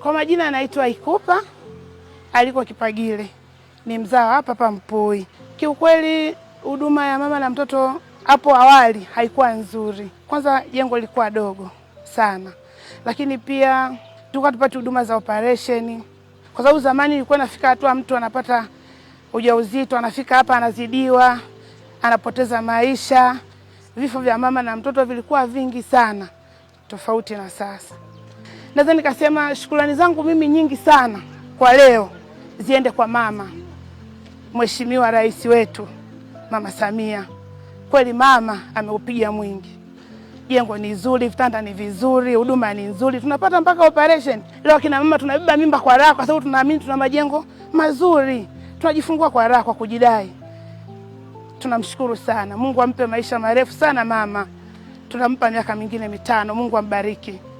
Kwa majina anaitwa Ikupa aliko Kipagile, ni mzao hapa hapa Mpoi. Kiukweli huduma ya mama na mtoto hapo awali haikuwa nzuri. Kwanza jengo lilikuwa dogo sana, lakini pia tulikuwa tupati huduma za operesheni, kwa sababu zamani ilikuwa nafika hatua mtu anapata ujauzito anafika hapa anazidiwa, anapoteza maisha. Vifo vya mama na mtoto vilikuwa vingi sana, tofauti na sasa naweza nikasema shukrani zangu mimi nyingi sana kwa leo ziende kwa mama Mheshimiwa Rais wetu Mama Samia. Kweli mama ameupiga mwingi, jengo ni zuri, vitanda ni vizuri, huduma ni nzuri, tunapata mpaka operation leo. Kina mama tunabeba mimba kwa raha, kwa sababu tunaamini tuna majengo mazuri, tunajifungua kwa raha, kwa kujidai. Tunamshukuru sana Mungu, ampe maisha marefu sana mama, tunampa miaka mingine mitano. Mungu ambariki.